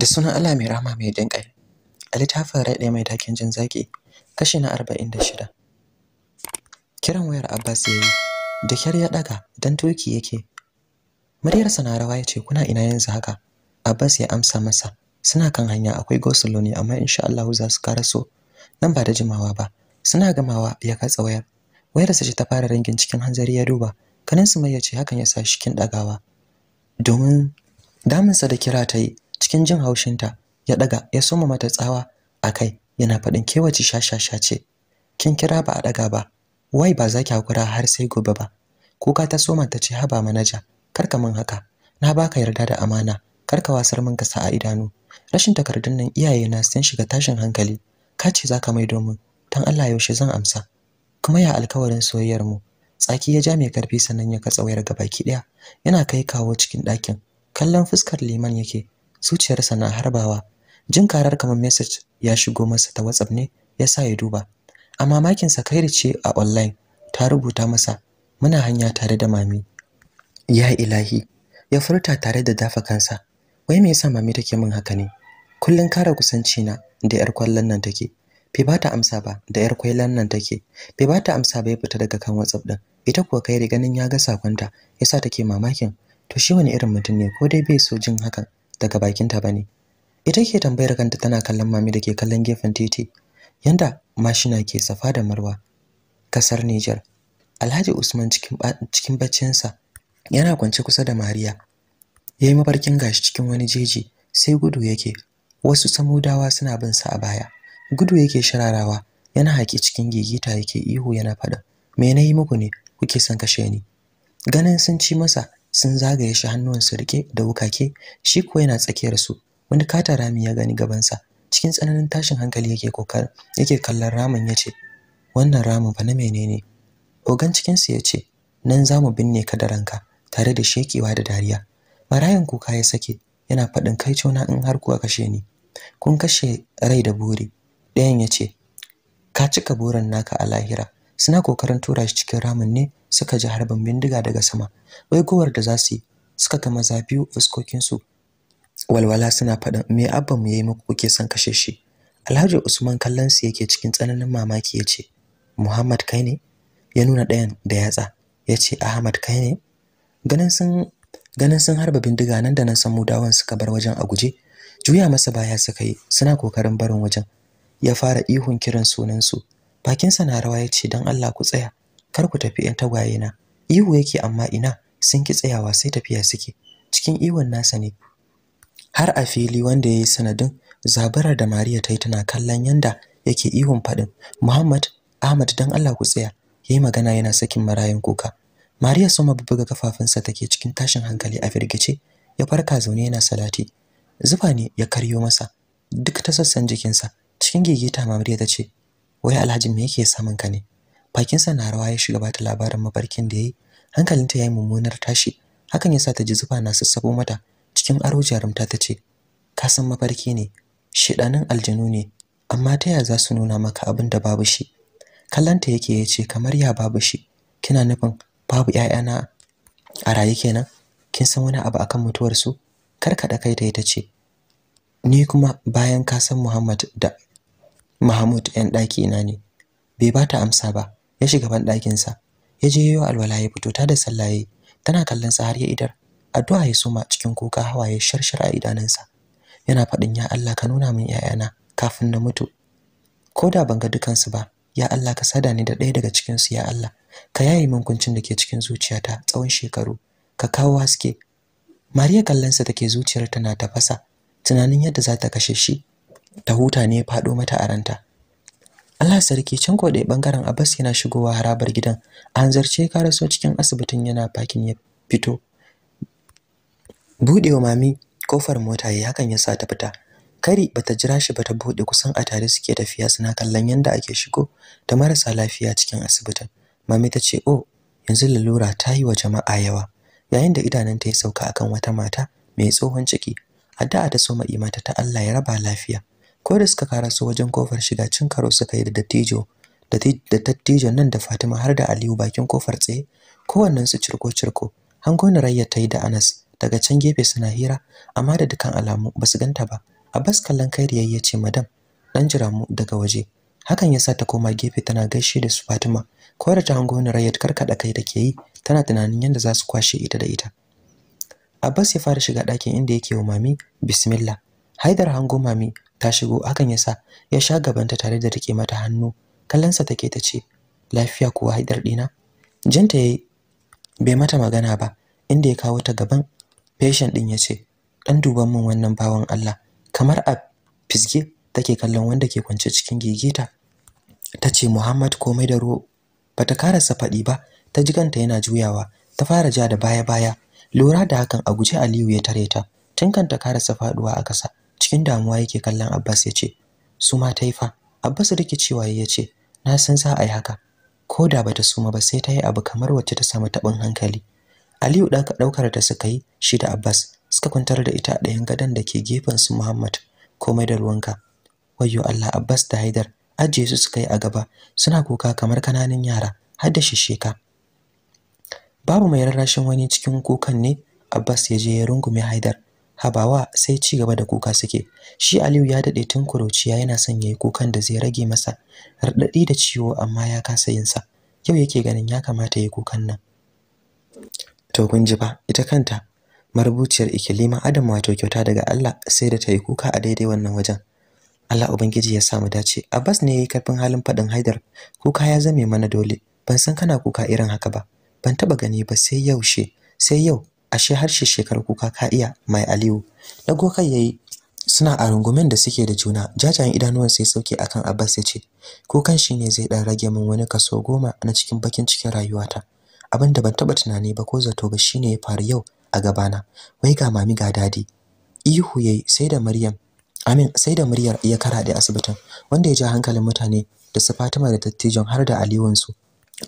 da sunan Allah mai rahama mai dinkai a littafin rai mai takin jin zaki kashi na 46 kiran wayar Abbas yayi da kyar ya daga dan turki yake muryarsa na rawa yace kuna ina yanzu haka Abbas ya amsa masa suna kan hanya akwai gosuloni amma insha Allah za su karaso nan ba da jimawa ba suna gamawa ya katsa wayar wayarsa ce ta fara rangin cikin hanzari ya duba kanin su mai yace hakan ya sa shi kin dagawa domin damunsa da kira ta yi cikin jin haushinta ya daga ya soma mata tsawa a kai yana faɗin kewace shashasha ce kin kira ba a daga ba wai ba za ki hakura har sai gobe ba kuka ta soma ta ce haba manaja karka min haka na baka yarda da amana karka wasar min kasa a idanu rashin takardun nan iyaye na sun shiga tashin hankali ka ce za ka mai domin dan Allah yaushe zan amsa kuma ya alkawarin soyayyar mu tsaki ya ja mai karfi sannan ya katsa wayar gabaki daya yana kai kawo cikin ɗakin kallon fuskar liman yake zuciyarsa na harbawa jin karar kamar message ya shigo masa ta WhatsApp ne ya sa ya duba a sa kairi ce a online ta rubuta masa muna hanya tare da mami ya ilahi ya furta tare da dafa kansa wai me yasa mami take min haka ne kullun kara kusanci na da yar kwallon nan take bai bata amsa ba da yar kwallon nan take bai bata amsa ba ya fita daga kan WhatsApp din ita kuwa kai ganin ya ga sakonta yasa take mamakin to shi wani irin mutum ne ko dai bai so jin hakan daga bakinta ba ne ita ke tambayar kanta tana kallon mami da ke kallon gefen titi yanda mashina ke safa da marwa kasar Niger Alhaji Usman cikin cikin baccinsa yana kwance kusa da Mariya yayi mabarkin gashi cikin wani jeji sai gudu yake wasu samudawa suna bin sa a baya gudu yake shararawa, yana haƙi cikin gigita yake ihu yana faɗa me na yi muku ne kuke son kashe ni ganin sun ci masa sun zagaye shi hannuwansu rike da wukake shi kuwa yana tsakiyar su wani kata rami ya gani gabansa cikin tsananin tashin hankali yake kokar yake kallon ramin ya ce wannan ramin fa na menene ogan cikinsu ya ce nan za mu binne ka da ranka tare da shekewa da dariya marayan kuka ya sake yana faɗin kai cona in har kuwa kashe ni kun kashe rai da buri ɗayan ya ce ka cika burin naka a lahira suna kokarin tura shi cikin ramin ne suka ji harbin bindiga daga sama baigowar da za su yi suka ta maza biyu fuskokinsu walwala suna faɗin me abba mu yayi muku kuke son kashe shi alhaji usman kallon su yake cikin tsananin mamaki ya ce muhammad kai ne ya nuna ɗayan da yatsa ya ce ahmad kai ne ganin sun ganin sun harba bindiga nan da nan mu dawon suka bar wajen a guje juya masa baya suka yi suna kokarin barin wajen ya fara ihun kiran sunansu bakinsa na rawa ya ce don Allah ku tsaya kar ku tafi yan tagwaye na ihu yake amma ina sun ki tsayawa sai tafiya suke cikin iwon nasa ne har a fili wanda ya yi sanadin zabarar da Mariya ta yi tana kallon yanda yake ihun faɗin Muhammad Ahmad don Allah ku tsaya ya yi magana yana sakin marayun kuka Mariya soma buga kafafunsa take cikin tashin hankali a firgice ya farka zaune yana salati zufa ne ya karyo masa duk ta sassan jikinsa cikin gigita Mariya ta ce wai alhaji me yake samun ka ne bakinsa na rawa ya shiga bata labarin mafarkin da yayi hankalinta yayi mummunar tashi hakan yasa ta ji zufa na sassabo mata cikin aro jarumta ta ce ka san mafarki ne shedanin aljanu ne amma ta yaya za su nuna maka abin da babu shi kallanta yake ya ce kamar ya babu shi kina nufin babu ƴaƴana a raye kenan kin san wani abu akan mutuwar su da kai ta ita ce ni kuma bayan ka san Muhammad da Mahmud ɗan na ne bai bata amsa ba ya shiga ban sa. ya je yayo alwala ya fito ta da sallaye tana kallon sa har ya idar addu'a ya soma cikin kuka hawaye sharshar a idanunsa yana faɗin ya Allah ka nuna min 'ya'yana kafin na mutu ko da ban ga dukansu ba ya Allah ka sada ni da ɗaya daga cikin su ya Allah ka yaye min kuncin da ke cikin zuciyata tsawon shekaru ka kawo haske Mariya sa take zuciyar tana tafasa tunanin yadda za ta kashe shi ta huta ne ya faɗo mata a ranta Allah sarki can ko ɗaya ɓangaren Abbas yana shigowa harabar gidan an zarce ka raso cikin asibitin yana fakin ya fito wa mami kofar mota ya hakan ya sa ta fita kari ba ta jira shi ba ta buɗe kusan a tare suke tafiya suna kallon yanda ake shigo da marasa lafiya cikin asibitin mami ta ce oh yanzu lalura ta yi wa jama'a yawa yayin da idananta ya sauka akan wata mata mai tsohon ciki a addu'a ta so ma'imata ta Allah ya raba lafiya ko da suka su wajen kofar shiga cin karo suka yi da dattijo da dattijon nan da Fatima har da Aliyu bakin kofar tsaye kowannen su cirko cirko hangon Rayya ta yi da Anas daga can gefe suna hira amma da dukan alamu ba su ganta ba Abbas kallon kairiyar ya ce madam dan jira mu daga waje hakan yasa ta koma gefe tana gaishe da su Fatima ko da ta hango ni Rayyat karkada kai take yi tana tunanin yadda za su kwashe ita da ita Abbas ya fara shiga ɗakin inda yake wa mami bismillah Haidar hango mami ta shigo hakan yasa ya sha gabanta tare da rike mata hannu kallonsa take ta ce lafiya kuwa haidar dina ta yi bai mata magana ba inda ya kawo ta gaban patient din ya ce dan duban mun wannan bawan Allah kamar a fisge take kallon wanda ke kwance cikin gigita ta ce Muhammad komai da ruwa bata karasa faɗi ba ta ji kanta yana juyawa ta fara ja da baya-baya lura da hakan a guje Aliyu ya tare ta tun kanta karasa faduwa a ƙasa cikin damuwa yake kallon Abbas ya ce su ma ta yi fa Abbas rikicewa ya ce na san za a yi haka ko da bata suma ba sai ta yi abu kamar wacce ta samu taɓin hankali Aliyu da ɗaka ɗaukar ta suka yi shi da Abbas suka kwantar da ita a ɗayan gadon da ke gefen su Muhammad komai da ruwanka wayyo Allah Abbas da Haidar ajiye su suka yi a gaba suna kuka kamar kananan yara har da Sheka. babu mai rarrashin wani cikin kukan ne Abbas ya je ya rungume Haidar habawa sai ci gaba da kuka suke shi Aliyu ya dade tun kuruciya yana son yayi kukan da zai rage masa radadi da ciwo amma ya kasa yin sa yau yake ganin ya kamata yayi kukan nan to kun ji ba ita kanta marubuciyar ikilima adam wato kyauta daga Allah sai da ta yi kuka a daidai wannan wajen Allah ubangiji ya sa mu dace Abbas ne yayi karfin halin fadin Haidar kuka ya zame mana dole ban san kana kuka irin haka ba ban taba gani ba sai yaushe sai yau ashe har shekar kuka ka iya mai aliyu dago kai yayi suna a rungumen da suke da juna jajayen idanuwan sai sauke akan abbas ya ce kukan shi ne zai dan rage min wani kaso goma na cikin bakin cikin rayuwata abin da ban taba tunani ba ko zato ba shine ya faru yau a gabana wai ga mami ga dadi ihu yayi sai da maryam amin sai da muryar ya karaɗe asibitin wanda ya ja hankalin mutane da su fatima da tattijon har da aliwansu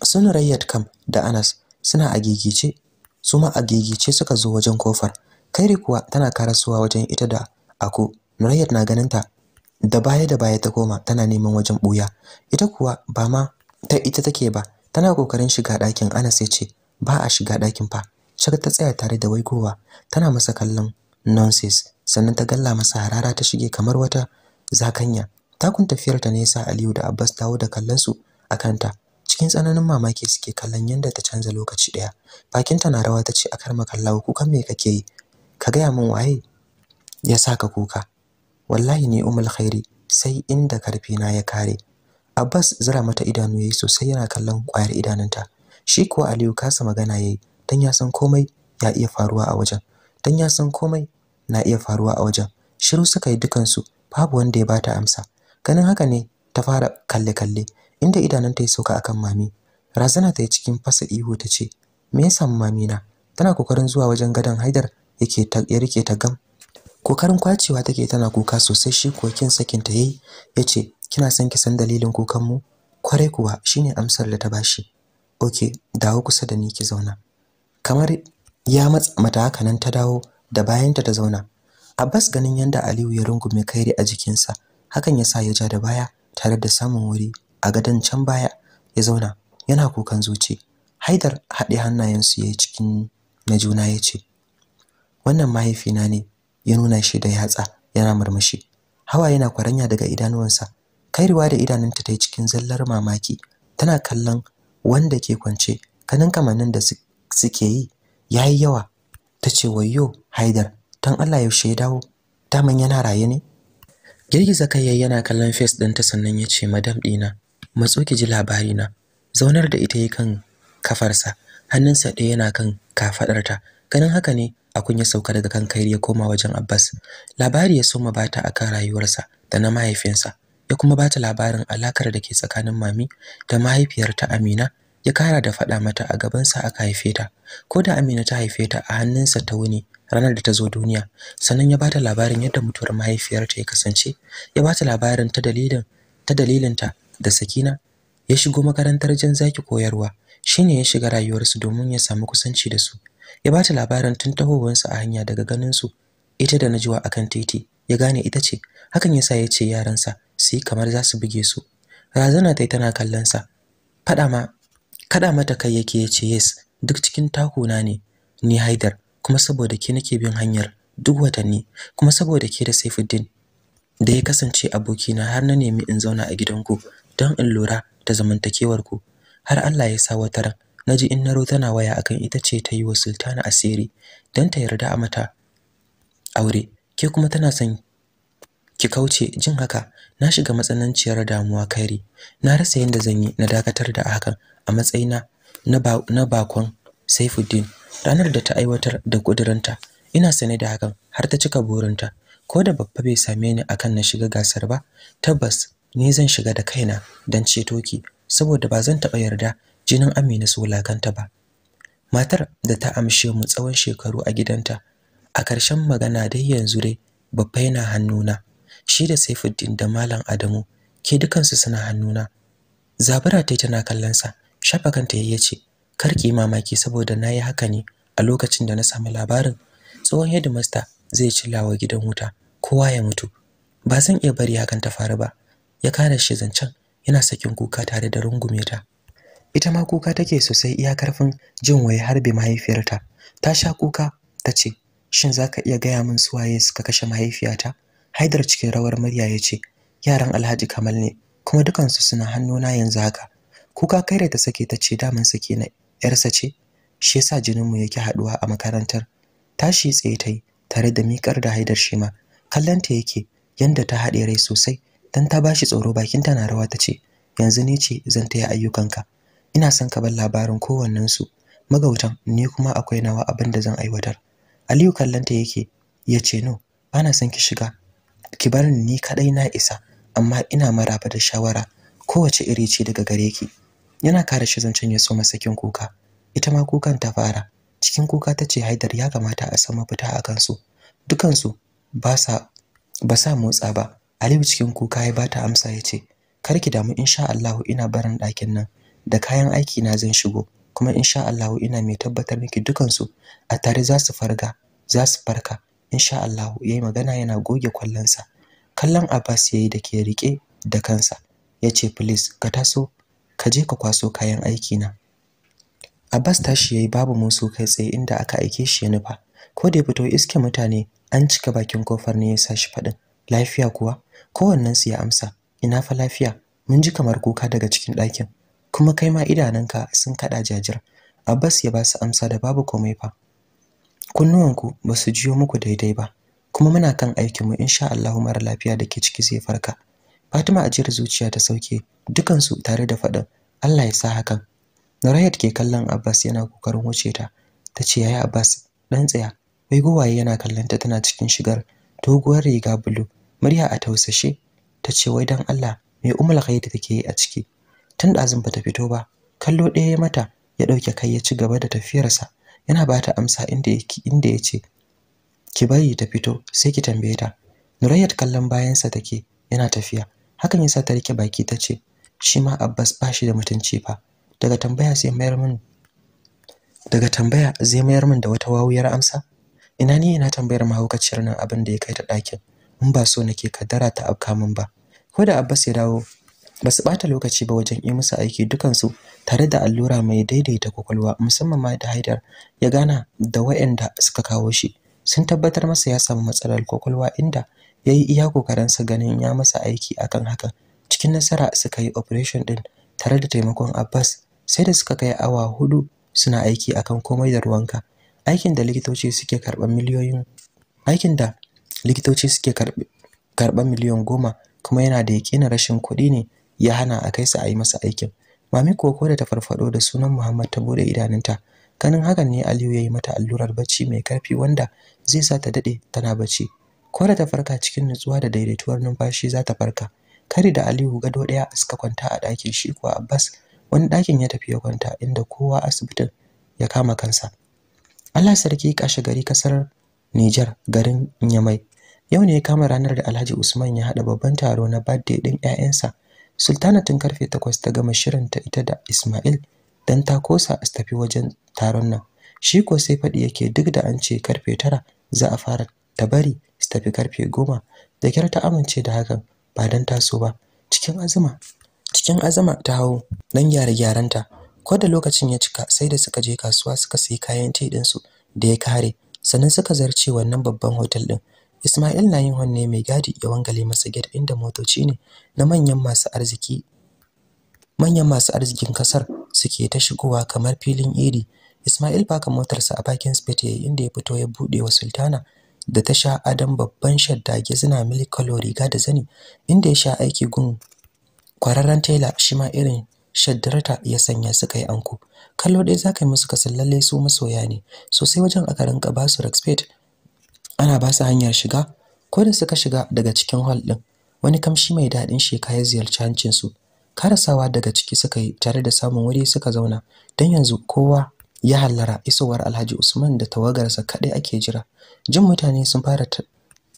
sun rayyat kam da anas suna a agigice su ma a gigice suka zo wajen kofar kairi kuwa tana karasuwa wajen ita da ako murayyar na ganin ta da baya da baya ta koma tana neman wajen buya ita kuwa ba ma ta ita take ba tana kokarin shiga ɗakin Anas ya ce ba a shiga ɗakin fa shiga ta tsaya tare da waigowa tana masa kallon nonsense sannan ta galla masa harara ta shige kamar wata zakanya takun tafiyar ta nesa Aliyu da Abbas dawo da kallon su kanta. cikin tsananin mamaki suke kallon yadda ta canza lokaci ɗaya bakinta na rawa ta ce a kar makallawo kukan me kake yi ka gaya min waye ya sa ka kuka wallahi ne umul khairi sai inda karfi na ya kare Abbas zira mata idanu yayi sosai yana kallon kwayar idanunta shi kuwa Aliyu kasa magana yayi dan ya san komai ya iya faruwa a wajen dan ya san komai na iya faruwa a wajen shiru suka yi dukansu babu wanda ya bata amsa ganin haka ne ta fara kalle kalle inda ta ya sauka akan mami razana ta yi cikin fasa ihu ta ce me ya mami na tana kokarin zuwa wajen gadon haidar yake ta ya rike ta gam kokarin kwacewa take tana kuka sosai shi kuwa kin sakin ta yayi yace kina san ki san dalilin kukan mu kwarai kuwa shine amsar da ta bashi okay dawo kusa da ni ki zauna kamar ya matsa mata haka nan ta dawo da bayanta ta zauna Abbas ganin yanda Aliyu ya rungume kairi a jikinsa hakan ya sa ya ja da baya tare da samun wuri a gadon can baya ya zauna yana kukan zuci haidar haɗe hannayensu ya yi cikin na juna ya ce wannan mahaifina ne ya nuna shi da yatsa yana murmushi hawa yana kwaranya daga idanuwansa kairuwa da idanunta ta yi cikin zallar mamaki tana kallon wanda ke kwance kanin kamannin da suke yi ya yi yawa ta ce wayo haidar don allah yaushe ya dawo daman yana raye ne girgiza kai yana kallon fes ɗinta sannan ya ce madam ɗina matso ki ji labari na zaunar da ita yi kan kafarsa hannunsa ɗaya yana kan kafaɗarta ganin haka ne akun ya sauka daga kan kairi ya koma wajen Abbas labari ya soma bata akan rayuwarsa da na mahaifinsa ya kuma bata labarin alakar da ke tsakanin mami da mahaifiyarta Amina ya kara da faɗa mata a gabansa aka haife ta ko da Amina ta haife ta a hannunsa ta wuni ranar da ta zo duniya sannan ya bata labarin yadda mutuwar mahaifiyarta ya kasance ya bata labarin ta dalilin ta dalilinta da Sakina ya shigo makarantar Jan Zaki koyarwa shine ya shiga rayuwarsu domin ya samu kusanci da su ya ba ta labarin tun tahowarsu a hanya daga ganin su ita da najuwa akan titi ya gane ita ce hakan yasa ya ce yaransa su kamar za su buge su razana tai tana kallon sa fada ma kada mata kai yake ya ce yes duk cikin takuna ne ni Haidar kuma saboda ke nake bin hanyar duk watanni kuma saboda ke da Saifuddin da ya kasance abokina har na nemi in zauna a gidanku don in lura da zamantakewar ku har Allah ya sa wata ran naji in naro tana waya akan ita ce ta yi wa sultana asiri don ta yarda a mata aure ke kuma tana son ki kauce jin haka na shiga matsananciyar damuwa kairi na rasa yadda zan yi na dakatar da hakan a matsayina na bakon Saifuddin ranar da ta aiwatar da kudurinta ina sane da hakan har ta cika burinta ko da babba bai same ni akan na shiga gasar ba tabbas ni zan shiga da kaina don ceto ki saboda ba zan taɓa yarda jinin Amina su wulakanta ba. Matar da ta amshe mu tsawon shekaru a gidanta, a ƙarshen magana dai yanzu dai babba yana hannuna, shi da Saifuddin da Malam Adamu ke dukansu suna hannuna. Zabura ta tana kallon sa, shafa kanta yayi ce, "Kar ki mamaki saboda nayi haka ne a lokacin da na samu labarin tsohon hedimasta zai cillawa gidan wuta, kowa ya mutu. Ba zan iya bari hakan ta faru ba." ya kare shi zancen yana sakin kuka tare da rungume ta ita ma kuka take sosai iya karfin jin waye harbe mahaifiyarta ta sha kuka ta ce shin zaka iya gaya min su waye suka kashe mahaifiyata haidar cikin rawar murya ya ce yaran alhaji kamal ne kuma dukansu suna hannuna yanzu haka kuka kai da ta sake ta ce daman sake na yarsa ce shi yasa jininmu yake haduwa a makarantar tashi tsaye tai tare da mikar da haidar shi ma kallanta yake yanda ta haɗe rai sosai dan ta bashi tsoro bakinta na rawa tace yanzu ne ce zan taya ayyukanka ina son ka bar labarin kowannen su magautan ni kuma akwai nawa abin da zan aiwatar Aliyu kallanta yake yace no bana son ki shiga ki bar ni kadai na isa amma ina maraba da shawara kowace iri ce daga gare ki yana kare shi zancen ya so masakin kuka ita ma kukan ta fara cikin kuka tace Haidar ya kamata a san mafita akan su dukansu ba sa ba sa motsa ba Aliyu cikin kuka ya bata amsa ya ce, "Kar ki damu insha Allah ina barin ɗakin nan da kayan aiki na zan shigo kuma insha Allah ina mai tabbatar miki dukan su a tare za su farga za su farka insha Allah yayi magana yana goge kwallonsa kallon Abbas yayi da ke rike da kansa ya ce please ka taso ka je ka kwaso kayan aiki na Abbas tashi yayi babu musu kai tsaye inda aka aike shi ya nufa ko da ya fito iske mutane an cika bakin kofar ne ya sa shi faɗin lafiya kuwa kowannensu ya amsa ina fa lafiya mun ji kamar kuka daga cikin ɗakin kuma kai ma idanunka sun kaɗa jajir abbas ya ba su amsa da babu komai fa kunnuwanku ba su jiyo muku daidai ba kuma muna kan aikinmu insha allahu mara lafiya da ke ciki zai farka Fatima a ajiyar zuciya ta sauke dukansu tare da faɗin Allah ya sa hakan. Nurayat ke kallon Abbas yana kokarin wuce ta. Ta ce yaya Abbas ɗan tsaya. Bai gowaye yana kallon ta tana cikin shigar doguwar riga bulu. murya a tausashe ta ce wai dan Allah me umul da take yi a ciki tun ɗazun bata fito ba kallo ɗaya ya mata ya ɗauke kai ya ci gaba da tafiyarsa yana ba ta amsa inda inda ya ce ki bari ta fito sai ki tambaye ta Nurayyat kallon bayansa take yana tafiya hakan yasa ta rike baki ta ce shi ma Abbas ba shi da mutunci fa daga tambaya sai mayar min daga tambaya zai mayar min da wata wawuyar amsa ina ne ina tambayar mahaukaciyar nan abin da ya kai ta ɗakin in ba so nake kaddara ta afka ba ko da Abbas ya dawo ba su bata lokaci ba wajen yi musu aiki dukansu tare da allura mai daidaita kwakwalwa musamman ma da Haidar ya gana da waɗanda suka kawo shi sun tabbatar masa ya samu matsalar kwakwalwa inda ya yi iya kokarinsa ganin ya masa aiki akan hakan cikin nasara suka yi operation din tare da taimakon Abbas sai da suka kai awa hudu suna aiki akan komai da ruwanka aikin da likitoci suke karɓar miliyoyin aikin da likitoci suke karɓar miliyan goma kuma yana da yakinin rashin kuɗi ne ya hana a kai su a yi masa aikin mami ko da ta farfaɗo da sunan muhammad ta bude idanunta ganin hakan ne aliyu ya yi mata allurar bacci mai karfi wanda zai sa ta daɗe tana bacci ko da ta farka cikin nutsuwa da daidaituwar numfashi za ta farka kari da aliyu gado ɗaya suka kwanta a ɗakin shi kuwa abbas wani ɗakin ya tafi ya kwanta inda kowa asibitin ya kama kansa allah sarki kashe gari kasar nijar garin nyamai Yau ne ya kama ranar da Alhaji Usman ya haɗa babban taro na birthday ɗin 'ya'yansa. Sultana tun karfe takwas ta gama shirinta ita da Ismail don ta kosa su tafi wajen taron nan. Shi ko sai faɗi yake duk da an ce karfe tara za a fara ta bari su tafi karfe goma. Da kyar ta amince da hakan ba don taso ba. Cikin azuma cikin azama ta hau don gyare ta Ko da lokacin ya cika sai da suka je kasuwa suka sayi kayan tea ɗinsu da ya kare sannan suka zarce wannan babban hotel ɗin Ismail na yin wanne mai gadi ya wangale masa gate inda motoci ne na manyan masu arziki manyan masu arzikin kasar suke ta shigowa kamar filin iri. Ismail baka motarsa a bakin spit yayi inda ya fito ya bude wa Sultana da ta sha adam babban shadda gizna milk color riga da zani inda ya sha aiki gun kwararren tailor shi ma irin shaddarta ya sanya suka yi anko kallo dai zaka yi musu kasan su masoya ne sosai wajen aka rinka basu respect ana ba su hanyar shiga ko da suka shiga daga cikin hall din wani kamshi mai daɗin sheka ya ziyarci hancin su karasawa daga ciki suka yi tare da samun wuri suka zauna dan yanzu kowa ya hallara isowar alhaji usman da tawagarsa kaɗai ake jira jin mutane sun fara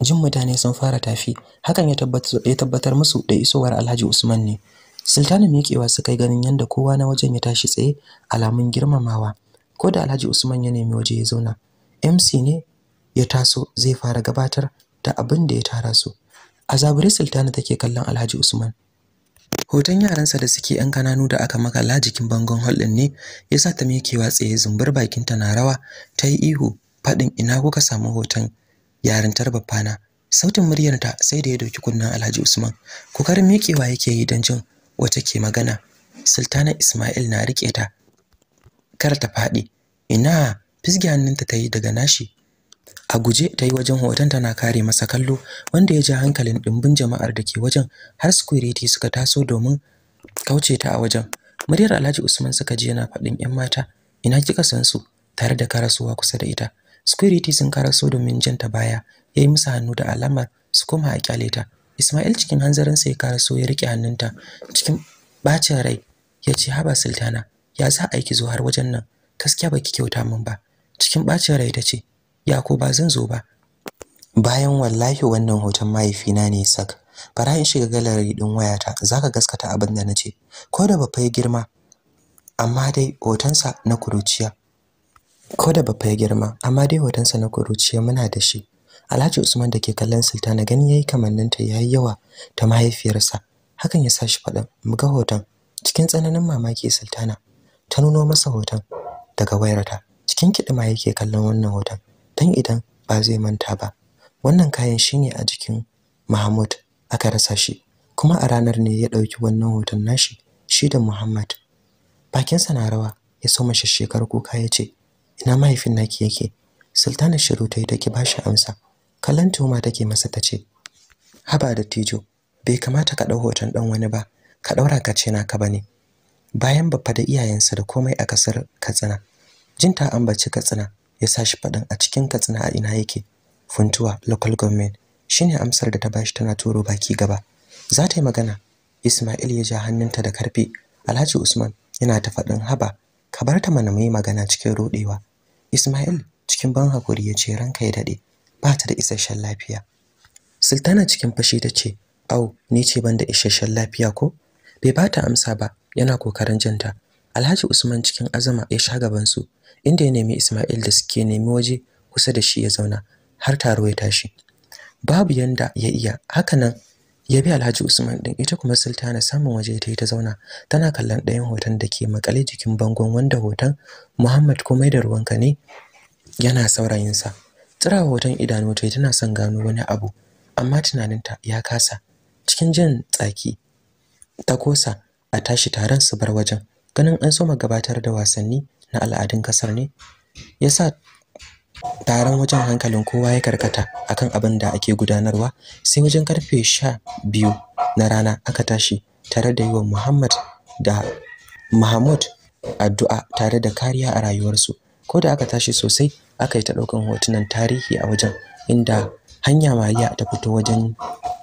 jin mutane sun fara tafi hakan ya tabbatar musu da isowar alhaji usman ne Sultanin mikewa suka yi ganin yadda kowa na wajen ya tashi tsaye alamun girmamawa ko da alhaji usman ya nemi waje ya zauna mc ne ya taso zai fara gabatar da abin da ya tara su a zaburi sultana take kallon alhaji usman hoton yaransa da suke yan kananu da aka makala jikin bangon hall din ne ya sa ta mikewa tsaye zumbur bakinta na rawa ta yi ihu faɗin ina kuka samu hoton yarintar babbana sautin muryarta sai da ya doki kunnen alhaji usman kokarin mikewa yake yi don jin wata ke magana sultana ismail na riƙe ta kar ta faɗi ina fisgi hannunta ta yi daga nashi a guje ta yi wajen hoton tana kare masa kallo wanda ya ja hankalin dimbin jama'ar da ke wajen har security suka taso domin kauce ta a wajen muryar alhaji usman suka ji yana faɗin 'yan mata ina kika san su tare da karasuwa kusa da ita security sun karaso domin jan ta baya ya yi musu hannu da alamar su koma a kyale ta ismail cikin hanzarinsa ya karaso ya riƙe hannunta cikin bacin rai ya ce haba sultana ya za a yi zo har wajen nan gaskiya baki kyauta min ba cikin bacin rai ta ce ya ko ba zan zo ba bayan wallahi wannan hoton mahaifina ne sak bara in shiga gallery din wayata zaka gaskata abin da nace ko da ba girma amma dai sa na kuruciya ko da ba ya girma amma dai hotonsa na kuruciya muna da shi Alhaji Usman da ke kallon Sultana gani yayi kamanninta yayi yawa ta mahaifiyarsa hakan ya sa shi faɗan mu ga hoton cikin tsananin mamaki Sultana ta nuno masa hoton daga wayarta cikin kidima yake kallon wannan hoton dan idan ba zai manta ba wannan kayan shine a jikin Mahmud aka rasa shi kuma a ranar ne ya ɗauki wannan hoton nashi shi da Muhammad bakinsa na rawa ya soma shekar kuka ya ce ina mahaifin naki yake sultana shiru ta yi take ba shi amsa kallon tuma take masa ta ce haba da tijo bai kamata ka ɗau hoton ɗan wani ba ka ɗaura ka ce naka ba ne bayan baffa da iyayensa da komai a kasar katsina jin ta ambaci katsina ya sa shi faɗin a cikin katsina a ina yake funtuwa local government shine amsar da ta bashi tana turo baki gaba za ta yi magana Ismail ya ja hannunta da karfi Alhaji Usman yana ta faɗin haba ka bar ta mana mai magana cikin rodewa Ismail cikin ban hakuri ya ce ranka ya dade ba ta da isasshen lafiya Sultana cikin fashi ta ce au ni ce ban da isasshen lafiya ko bai ba ta amsa ba yana kokarin janta Alhaji Usman cikin azama ya sha gaban su inda ya nemi Ismail da suke nemi waje kusa da shi ya zauna har taro ya tashi babu yanda ya iya hakanan ya bi Alhaji Usman din ita kuma Sultana samun waje ta yi ta zauna tana kallon ɗayan hoton da ke makale jikin bangon wanda hoton Muhammad komai da ruwanka ne yana saurayinsa tsira hoton idanu ta tana son gano wani abu amma tunaninta ya kasa cikin jin tsaki ta kosa a tashi taron su bar wajen ganin an soma gabatar da wasanni na al'adun ƙasar ne ya sa taron wajen hankalin kowa ya karkata akan abin da ake gudanarwa sai wajen karfe sha biyu na rana aka tashi tare da yiwa Muhammad da Mahmud addu'a tare da kariya a rayuwarsu ko da aka tashi sosai aka yi ta ɗaukan hotunan tarihi a wajen inda hanya Mariya ta fito wajen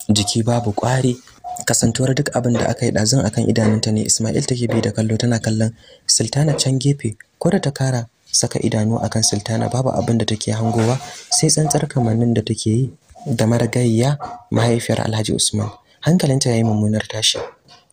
jiki babu ƙwari kasantuwar duk abin da aka yi ɗazun akan idanunta ne Ismail take bi da kallo tana kallon Sultana can gefe ko da ta kara saka idanu akan Sultana babu abin da take hangowa sai tsantsar kamannin da take yi da maragayya mahaifiyar Alhaji Usman hankalinta yi mummunar tashi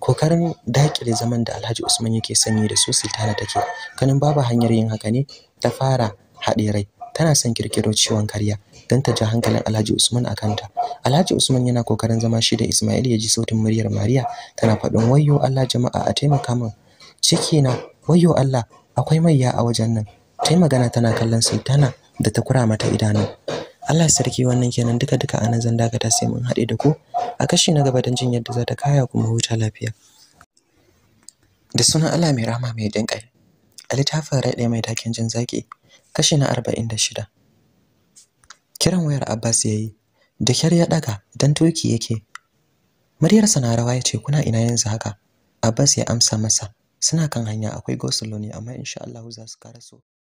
kokarin dakile zaman da Alhaji Usman yake sanyi da su Sultana take kanin babu hanyar yin haka ne ta fara haɗe rai tana son kirkiro ciwon karya don ta ja hankalin Alhaji Usman a kanta. Alhaji Usman yana kokarin zama shi da Ismail ya ji sautin muryar Mariya tana faɗin wayo Allah jama'a a taimaka min. Ciki na wayo Allah akwai maiya a wajen nan. Ta magana tana kallon Sultana da ta kura mata idanu. Allah sarki wannan kenan duka duka anan zan dakata sai mun haɗe da ku a kashi na gaba don jin yadda za ta kaya kuma huta lafiya. Da sunan Allah mai rahama mai dinƙai. A littafin raɗe mai taken jin zaki kashi na arba'in da shida. kiran wayar Abbas yayi da kyar ya daga dan turki yake muryarsa na rawa yace kuna ina yanzu haka Abbas ya amsa masa suna kan hanya akwai gosulo ne amma insha Allah za su karaso